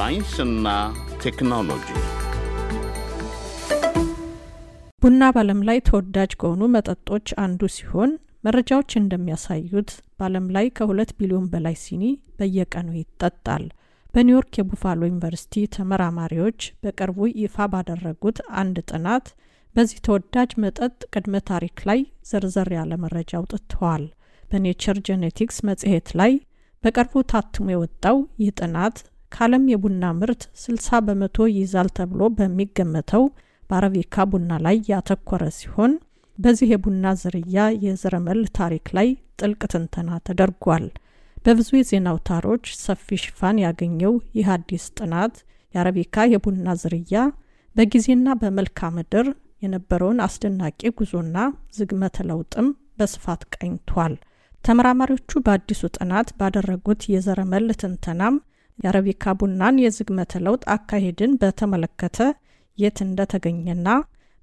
ሳይንስና ቴክኖሎጂ ቡና በዓለም ላይ ተወዳጅ ከሆኑ መጠጦች አንዱ ሲሆን መረጃዎች እንደሚያሳዩት በዓለም ላይ ከሁለት ቢሊዮን በላይ ሲኒ በየቀኑ ይጠጣል። በኒውዮርክ የቡፋሎ ዩኒቨርሲቲ ተመራማሪዎች በቅርቡ ይፋ ባደረጉት አንድ ጥናት በዚህ ተወዳጅ መጠጥ ቅድመ ታሪክ ላይ ዘርዘር ያለ መረጃ አውጥተዋል። በኔቸር ጄኔቲክስ መጽሔት ላይ በቅርቡ ታትሞ የወጣው ይህ ጥናት ከዓለም የቡና ምርት 60 በመቶ ይይዛል ተብሎ በሚገመተው በአረቢካ ቡና ላይ ያተኮረ ሲሆን በዚህ የቡና ዝርያ የዘረመል ታሪክ ላይ ጥልቅ ትንተና ተደርጓል። በብዙ የዜና አውታሮች ሰፊ ሽፋን ያገኘው ይህ አዲስ ጥናት የአረቢካ የቡና ዝርያ በጊዜና በመልክዓ ምድር የነበረውን አስደናቂ ጉዞና ዝግመተ ለውጥም በስፋት ቀኝቷል። ተመራማሪዎቹ በአዲሱ ጥናት ባደረጉት የዘረመል ትንተናም የአረቢካ ቡናን የዝግመተ ለውጥ አካሄድን በተመለከተ የት እንደተገኘና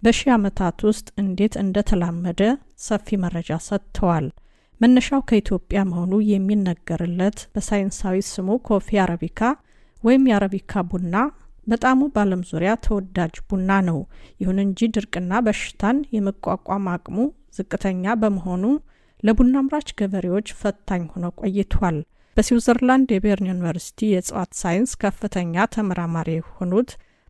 በሺህ ዓመታት ውስጥ እንዴት እንደተላመደ ሰፊ መረጃ ሰጥተዋል። መነሻው ከኢትዮጵያ መሆኑ የሚነገርለት በሳይንሳዊ ስሙ ኮፊ አረቢካ ወይም የአረቢካ ቡና በጣሙ በዓለም ዙሪያ ተወዳጅ ቡና ነው። ይሁን እንጂ ድርቅና በሽታን የመቋቋም አቅሙ ዝቅተኛ በመሆኑ ለቡና አምራች ገበሬዎች ፈታኝ ሆኖ ቆይቷል። በስዊዘርላንድ የቤርን ዩኒቨርሲቲ የእጽዋት ሳይንስ ከፍተኛ ተመራማሪ የሆኑት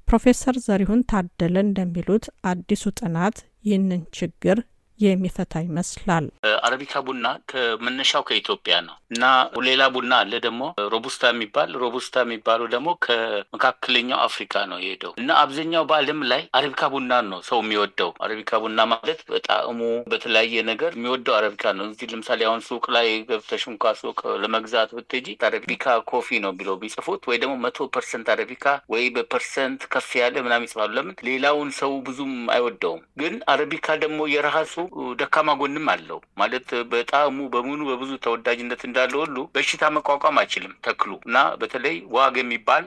ፕሮፌሰር ዘሪሁን ታደለ እንደሚሉት አዲሱ ጥናት ይህንን ችግር የሚፈታ ይመስላል። አረቢካ ቡና ከመነሻው ከኢትዮጵያ ነው እና ሌላ ቡና አለ ደግሞ ሮቡስታ የሚባል ሮቡስታ የሚባሉ ደግሞ ከመካከለኛው አፍሪካ ነው የሄደው እና አብዛኛው በዓለም ላይ አረቢካ ቡና ነው ሰው የሚወደው። አረቢካ ቡና ማለት በጣዕሙ በተለያየ ነገር የሚወደው አረቢካ ነው። እዚህ ለምሳሌ አሁን ሱቅ ላይ ገብተሽ እንኳ ሱቅ ለመግዛት ብትሄጂ አረቢካ ኮፊ ነው ቢለው ቢጽፉት ወይ ደግሞ መቶ ፐርሰንት አረቢካ ወይ በፐርሰንት ከፍ ያለ ምናምን ይጽፋሉ። ለምን ሌላውን ሰው ብዙም አይወደውም። ግን አረቢካ ደግሞ የራሱ ደካማ ጎንም አለው ማለት በጣዕሙ በምኑ በብዙ ተወዳጅነት እንዳለ ሁሉ በሽታ መቋቋም አይችልም ተክሉ እና በተለይ ዋግ የሚባል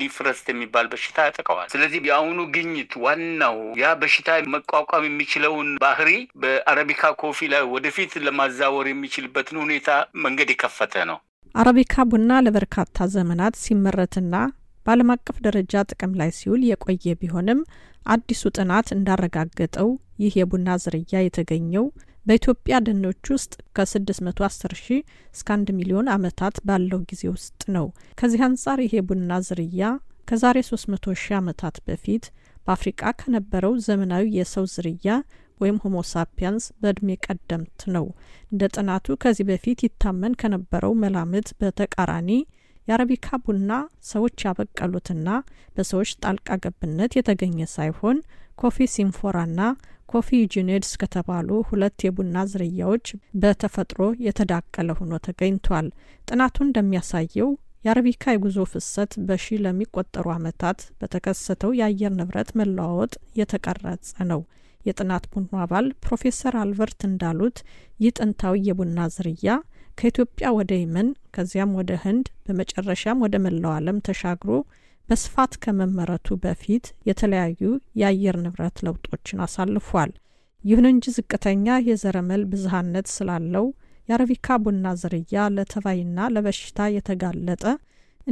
ሊፍረስት የሚባል በሽታ ያጠቀዋል። ስለዚህ የአሁኑ ግኝት ዋናው ያ በሽታ መቋቋም የሚችለውን ባህሪ በአረቢካ ኮፊ ላይ ወደፊት ለማዛወር የሚችልበትን ሁኔታ መንገድ የከፈተ ነው። አረቢካ ቡና ለበርካታ ዘመናት ሲመረትና በዓለም አቀፍ ደረጃ ጥቅም ላይ ሲውል የቆየ ቢሆንም አዲሱ ጥናት እንዳረጋገጠው ይህ የቡና ዝርያ የተገኘው በኢትዮጵያ ደኖች ውስጥ ከ610 ሺህ እስከ 1 ሚሊዮን ዓመታት ባለው ጊዜ ውስጥ ነው። ከዚህ አንጻር ይህ የቡና ዝርያ ከዛሬ 300 ሺህ ዓመታት በፊት በአፍሪቃ ከነበረው ዘመናዊ የሰው ዝርያ ወይም ሆሞሳፒያንስ በእድሜ ቀደምት ነው። እንደ ጥናቱ ከዚህ በፊት ይታመን ከነበረው መላምት በተቃራኒ የአረቢካ ቡና ሰዎች ያበቀሉትና በሰዎች ጣልቃ ገብነት የተገኘ ሳይሆን ኮፊ ሲምፎራና ኮፊ ጁኔድስ ከተባሉ ሁለት የቡና ዝርያዎች በተፈጥሮ የተዳቀለ ሆኖ ተገኝቷል። ጥናቱ እንደሚያሳየው የአረቢካ የጉዞ ፍሰት በሺ ለሚቆጠሩ ዓመታት በተከሰተው የአየር ንብረት መለዋወጥ የተቀረጸ ነው። የጥናት ቡድኑ አባል ፕሮፌሰር አልበርት እንዳሉት ይህ ጥንታዊ የቡና ዝርያ ከኢትዮጵያ ወደ የመን ከዚያም ወደ ህንድ በመጨረሻም ወደ መላው ዓለም ተሻግሮ በስፋት ከመመረቱ በፊት የተለያዩ የአየር ንብረት ለውጦችን አሳልፏል። ይሁን እንጂ ዝቅተኛ የዘረመል ብዝሃነት ስላለው የአረቢካ ቡና ዝርያ ለተባይና ለበሽታ የተጋለጠ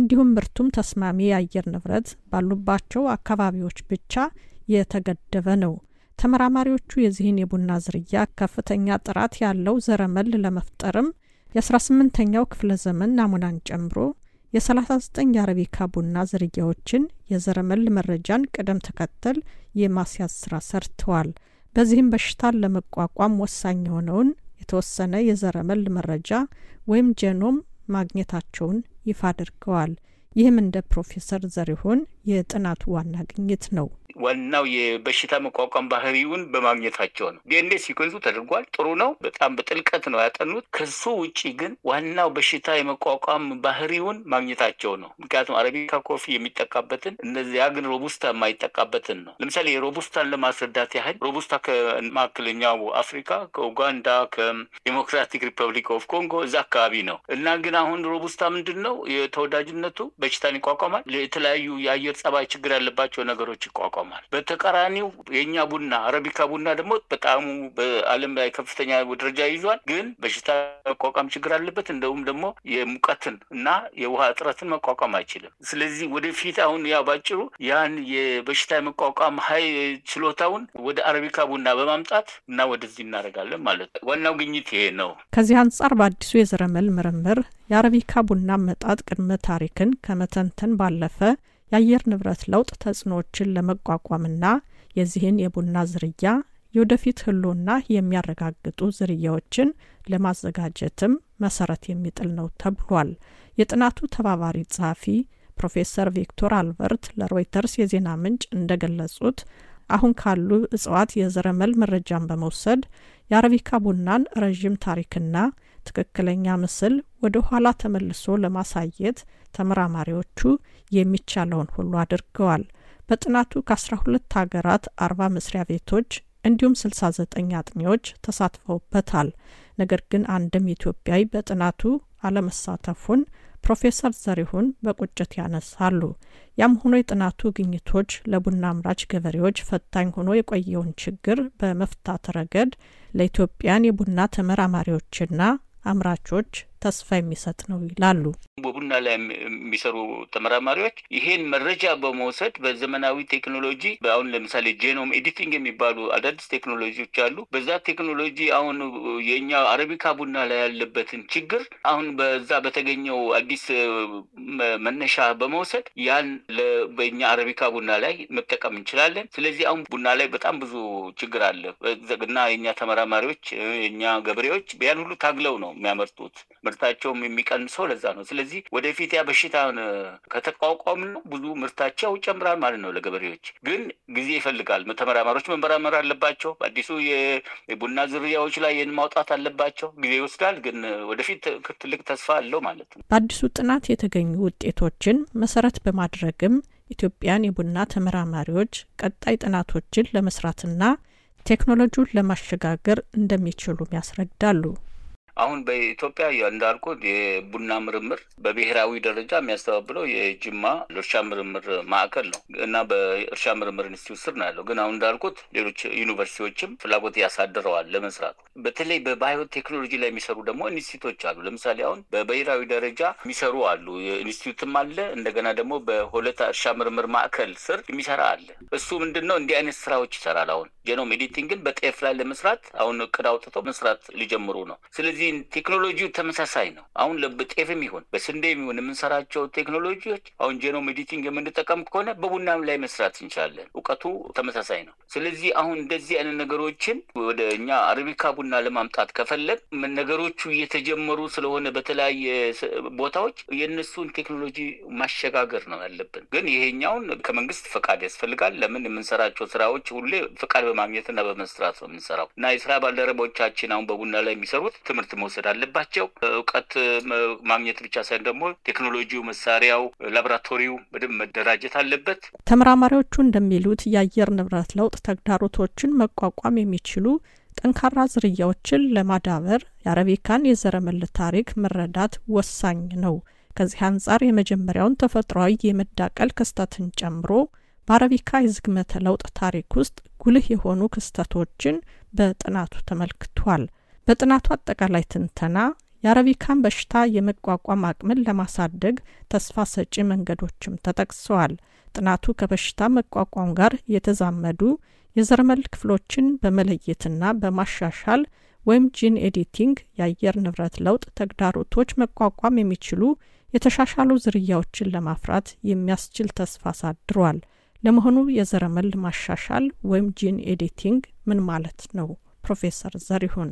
እንዲሁም ምርቱም ተስማሚ የአየር ንብረት ባሉባቸው አካባቢዎች ብቻ የተገደበ ነው። ተመራማሪዎቹ የዚህን የቡና ዝርያ ከፍተኛ ጥራት ያለው ዘረመል ለመፍጠርም የ18ኛው ክፍለ ዘመን ናሙናን ጨምሮ የ39 የአረቢካ ቡና ዝርያዎችን የዘረመል መረጃን ቅደም ተከተል የማስያዝ ስራ ሰርተዋል። በዚህም በሽታን ለመቋቋም ወሳኝ የሆነውን የተወሰነ የዘረመል መረጃ ወይም ጀኖም ማግኘታቸውን ይፋ አድርገዋል። ይህም እንደ ፕሮፌሰር ዘሪሁን የጥናቱ ዋና ግኝት ነው። ዋናው የበሽታ መቋቋም ባህሪውን በማግኘታቸው ነው። ዲኤንኤ ሲኮንሱ ተደርጓል። ጥሩ ነው። በጣም በጥልቀት ነው ያጠኑት። ከሱ ውጭ ግን ዋናው በሽታ የመቋቋም ባህሪውን ማግኘታቸው ነው። ምክንያቱም አረቢካ ኮፊ የሚጠቃበትን እነዚያ ግን ሮቡስታ የማይጠቃበትን ነው። ለምሳሌ የሮቡስታን ለማስረዳት ያህል ሮቡስታ ከመካከለኛው አፍሪካ ከኡጋንዳ፣ ከዲሞክራቲክ ሪፐብሊክ ኦፍ ኮንጎ እዛ አካባቢ ነው እና ግን አሁን ሮቡስታ ምንድን ነው የተወዳጅነቱ በሽታን ይቋቋማል። የተለያዩ የአየር ጸባይ ችግር ያለባቸው ነገሮች ይቋቋማል። ይቋቋማል። በተቃራኒው የእኛ ቡና አረቢካ ቡና ደግሞ በጣም በዓለም ላይ ከፍተኛ ደረጃ ይዟል። ግን በሽታ መቋቋም ችግር አለበት። እንደውም ደግሞ የሙቀትን እና የውሃ እጥረትን መቋቋም አይችልም። ስለዚህ ወደፊት አሁን ያ ባጭሩ ያን የበሽታ የመቋቋም ሀይ ችሎታውን ወደ አረቢካ ቡና በማምጣት እና ወደዚህ እናደርጋለን ማለት ነው። ዋናው ግኝት ይሄ ነው። ከዚህ አንጻር በአዲሱ የዘረመል ምርምር የአረቢካ ቡና መጣጥ ቅድመ ታሪክን ከመተንተን ባለፈ የአየር ንብረት ለውጥ ተጽዕኖዎችን ለመቋቋምና የዚህን የቡና ዝርያ የወደፊት ሕልውና የሚያረጋግጡ ዝርያዎችን ለማዘጋጀትም መሰረት የሚጥል ነው ተብሏል። የጥናቱ ተባባሪ ጸሐፊ ፕሮፌሰር ቪክቶር አልበርት ለሮይተርስ የዜና ምንጭ እንደገለጹት አሁን ካሉ እጽዋት የዘረመል መረጃን በመውሰድ የአረቢካ ቡናን ረዥም ታሪክና ትክክለኛ ምስል ወደ ኋላ ተመልሶ ለማሳየት ተመራማሪዎቹ የሚቻለውን ሁሉ አድርገዋል። በጥናቱ ከ12 ሀገራት 40 መስሪያ ቤቶች እንዲሁም 69 አጥኚዎች ተሳትፈውበታል። ነገር ግን አንድም ኢትዮጵያዊ በጥናቱ አለመሳተፉን ፕሮፌሰር ዘሪሁን በቁጭት ያነሳሉ። ያም ሆኖ የጥናቱ ግኝቶች ለቡና አምራች ገበሬዎች ፈታኝ ሆኖ የቆየውን ችግር በመፍታት ረገድ ለኢትዮጵያን የቡና ተመራማሪዎችና አምራቾች ተስፋ የሚሰጥ ነው ይላሉ። በቡና ላይ የሚሰሩ ተመራማሪዎች ይሄን መረጃ በመውሰድ በዘመናዊ ቴክኖሎጂ አሁን ለምሳሌ ጄኖም ኤዲቲንግ የሚባሉ አዳዲስ ቴክኖሎጂዎች አሉ። በዛ ቴክኖሎጂ አሁን የኛ አረቢካ ቡና ላይ ያለበትን ችግር አሁን በዛ በተገኘው አዲስ መነሻ በመውሰድ ያን በኛ አረቢካ ቡና ላይ መጠቀም እንችላለን። ስለዚህ አሁን ቡና ላይ በጣም ብዙ ችግር አለ እና የኛ ተመራማሪዎች የኛ ገበሬዎች ያን ሁሉ ታግለው ነው የሚያመርጡት ምርታቸውም የሚቀንሰው ለዛ ነው። ስለዚህ ወደፊት ያ በሽታን ከተቋቋም ነው ብዙ ምርታቸው ይጨምራል ማለት ነው። ለገበሬዎች ግን ጊዜ ይፈልጋል። ተመራማሪዎች መመራመር አለባቸው። አዲሱ የቡና ዝርያዎች ላይ ይህን ማውጣት አለባቸው። ጊዜ ይወስዳል፣ ግን ወደፊት ትልቅ ተስፋ አለው ማለት ነው። በአዲሱ ጥናት የተገኙ ውጤቶችን መሰረት በማድረግም ኢትዮጵያን የቡና ተመራማሪዎች ቀጣይ ጥናቶችን ለመስራትና ቴክኖሎጂውን ለማሸጋገር እንደሚችሉም ያስረዳሉ። አሁን በኢትዮጵያ እንዳልኩ የቡና ምርምር በብሔራዊ ደረጃ የሚያስተባብለው የጅማ እርሻ ምርምር ማዕከል ነው እና በእርሻ ምርምር ኢንስቲትዩት ስር ነው ያለው። ግን አሁን እንዳልኩት ሌሎች ዩኒቨርሲቲዎችም ፍላጎት ያሳድረዋል ለመስራቱ። በተለይ በባዮ ቴክኖሎጂ ላይ የሚሰሩ ደግሞ ኢንስቲትዩቶች አሉ። ለምሳሌ አሁን በብሔራዊ ደረጃ የሚሰሩ አሉ። ኢንስቲትዩትም አለ። እንደገና ደግሞ በሆለታ እርሻ ምርምር ማዕከል ስር የሚሰራ አለ። እሱ ምንድን ነው እንዲህ አይነት ስራዎች ይሰራል። አሁን ጄኖም ኤዲቲንግን በጤፍ ላይ ለመስራት አሁን እቅድ አውጥተው መስራት ሊጀምሩ ነው። ስለዚህ ስለዚህ ቴክኖሎጂው ተመሳሳይ ነው። አሁን በጤፍም ይሁን በስንዴ የሚሆን የምንሰራቸው ቴክኖሎጂዎች አሁን ጄኖም ኤዲቲንግ የምንጠቀም ከሆነ በቡናም ላይ መስራት እንችላለን። እውቀቱ ተመሳሳይ ነው። ስለዚህ አሁን እንደዚህ አይነት ነገሮችን ወደ እኛ አረቢካ ቡና ለማምጣት ከፈለግ ነገሮቹ እየተጀመሩ ስለሆነ በተለያየ ቦታዎች የእነሱን ቴክኖሎጂ ማሸጋገር ነው ያለብን። ግን ይሄኛውን ከመንግስት ፈቃድ ያስፈልጋል። ለምን የምንሰራቸው ስራዎች ሁሌ ፈቃድ በማግኘትና በመስራት ነው የምንሰራው እና የስራ ባልደረቦቻችን አሁን በቡና ላይ የሚሰሩት ትምህርት መውሰድ አለባቸው። እውቀት ማግኘት ብቻ ሳይሆን ደግሞ ቴክኖሎጂው፣ መሳሪያው፣ ላቦራቶሪው በደንብ መደራጀት አለበት። ተመራማሪዎቹ እንደሚሉት የአየር ንብረት ለውጥ ተግዳሮቶችን መቋቋም የሚችሉ ጠንካራ ዝርያዎችን ለማዳበር የአረቢካን የዘረመል ታሪክ መረዳት ወሳኝ ነው። ከዚህ አንጻር የመጀመሪያውን ተፈጥሯዊ የመዳቀል ክስተትን ጨምሮ በአረቢካ የዝግመተ ለውጥ ታሪክ ውስጥ ጉልህ የሆኑ ክስተቶችን በጥናቱ ተመልክቷል። በጥናቱ አጠቃላይ ትንተና የአረቢካን በሽታ የመቋቋም አቅምን ለማሳደግ ተስፋ ሰጪ መንገዶችም ተጠቅሰዋል። ጥናቱ ከበሽታ መቋቋም ጋር የተዛመዱ የዘረመል ክፍሎችን በመለየትና በማሻሻል ወይም ጂን ኤዲቲንግ የአየር ንብረት ለውጥ ተግዳሮቶች መቋቋም የሚችሉ የተሻሻሉ ዝርያዎችን ለማፍራት የሚያስችል ተስፋ አሳድሯል። ለመሆኑ የዘረመል ማሻሻል ወይም ጂን ኤዲቲንግ ምን ማለት ነው? ፕሮፌሰር ዘሪሁን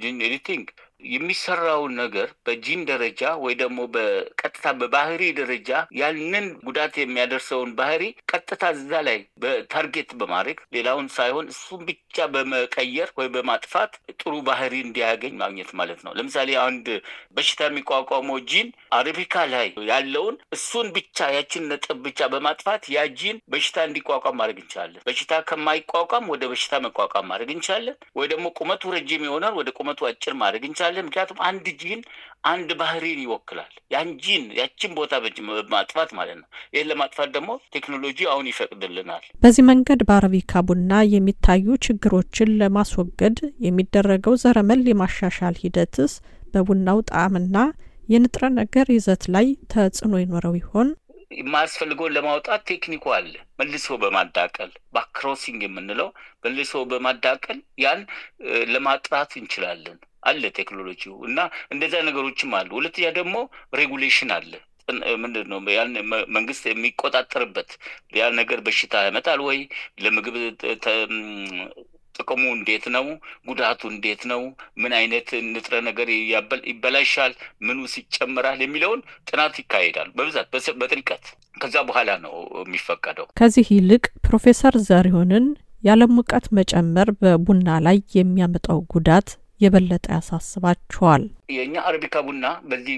didn't anything የሚሰራውን ነገር በጂን ደረጃ ወይ ደግሞ በቀጥታ በባህሪ ደረጃ ያንን ጉዳት የሚያደርሰውን ባህሪ ቀጥታ እዛ ላይ በታርጌት በማድረግ ሌላውን ሳይሆን እሱን ብቻ በመቀየር ወይ በማጥፋት ጥሩ ባህሪ እንዲያገኝ ማግኘት ማለት ነው። ለምሳሌ አንድ በሽታ የሚቋቋመው ጂን አረቢካ ላይ ያለውን እሱን ብቻ ያችን ነጥብ ብቻ በማጥፋት ያ ጂን በሽታ እንዲቋቋም ማድረግ እንችላለን። በሽታ ከማይቋቋም ወደ በሽታ መቋቋም ማድረግ እንችላለን። ወይ ደግሞ ቁመቱ ረጅም የሆነውን ወደ ቁመቱ አጭር ማድረግ እንችላለን። ለምሳሌ ምክንያቱም አንድ ጂን አንድ ባህሪን ይወክላል። ያን ጂን ያችን ቦታ ማጥፋት ማለት ነው። ይህን ለማጥፋት ደግሞ ቴክኖሎጂ አሁን ይፈቅድልናል። በዚህ መንገድ በአረቢካ ቡና የሚታዩ ችግሮችን ለማስወገድ የሚደረገው ዘረመል የማሻሻል ሂደትስ በቡናው ጣዕምና የንጥረ ነገር ይዘት ላይ ተጽዕኖ ይኖረው ይሆን? የማያስፈልገውን ለማውጣት ቴክኒኩ አለ። መልሶ በማዳቀል ባክሮሲንግ የምንለው መልሶ በማዳቀል ያን ለማጥራት እንችላለን። አለ ቴክኖሎጂ እና እንደዛ ነገሮችም አሉ። ሁለተኛ ደግሞ ሬጉሌሽን አለ። ምንድን ነው ያን መንግስት የሚቆጣጠርበት ያ ነገር በሽታ ያመጣል ወይ ለምግብ ጥቅሙ እንዴት ነው? ጉዳቱ እንዴት ነው? ምን አይነት ንጥረ ነገር ይበላሻል? ምኑስ ይጨምራል? የሚለውን ጥናት ይካሄዳል በብዛት በጥልቀት። ከዛ በኋላ ነው የሚፈቀደው። ከዚህ ይልቅ ፕሮፌሰር ዘሪሁንን የዓለም ሙቀት መጨመር በቡና ላይ የሚያመጣው ጉዳት የበለጠ ያሳስባቸዋል። የእኛ አረቢካ ቡና በዚህ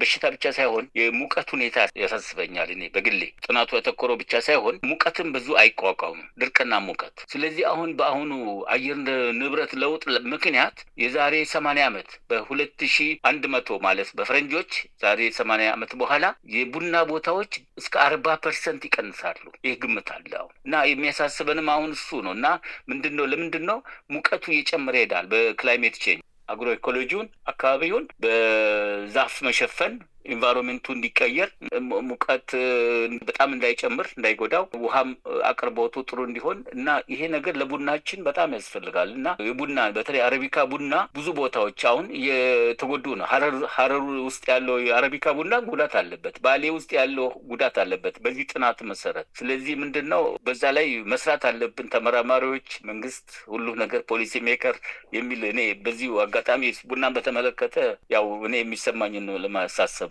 በሽታ ብቻ ሳይሆን የሙቀት ሁኔታ ያሳስበኛል። እኔ በግሌ ጥናቱ ያተኮረው ብቻ ሳይሆን ሙቀትም ብዙ አይቋቋምም፣ ድርቅና ሙቀት። ስለዚህ አሁን በአሁኑ አየር ንብረት ለውጥ ምክንያት የዛሬ ሰማንያ ዓመት በሁለት ሺ አንድ መቶ ማለት በፈረንጆች ዛሬ ሰማንያ ዓመት በኋላ የቡና ቦታዎች እስከ አርባ ፐርሰንት ይቀንሳሉ። ይህ ግምት አለ አሁን እና የሚያሳስበንም አሁን እሱ ነው እና ምንድን ነው ለምንድን ነው ሙቀቱ እየጨመረ ይሄዳል በክላይሜት ቼንጅ አግሮ ኢኮሎጂውን አካባቢውን በዛፍ መሸፈን ኢንቫይሮንሜንቱ እንዲቀየር ሙቀት በጣም እንዳይጨምር እንዳይጎዳው፣ ውሃም አቅርቦቱ ጥሩ እንዲሆን እና ይሄ ነገር ለቡናችን በጣም ያስፈልጋል እና የቡና በተለይ አረቢካ ቡና ብዙ ቦታዎች አሁን እየተጎዱ ነው። ሀረሩ ውስጥ ያለው የአረቢካ ቡና ጉዳት አለበት። ባሌ ውስጥ ያለው ጉዳት አለበት በዚህ ጥናት መሰረት። ስለዚህ ምንድን ነው በዛ ላይ መስራት አለብን ተመራማሪዎች፣ መንግስት፣ ሁሉ ነገር ፖሊሲ ሜከር የሚል እኔ በዚሁ አጋጣሚ ቡናን በተመለከተ ያው እኔ የሚሰማኝ ነው ለማሳሰብ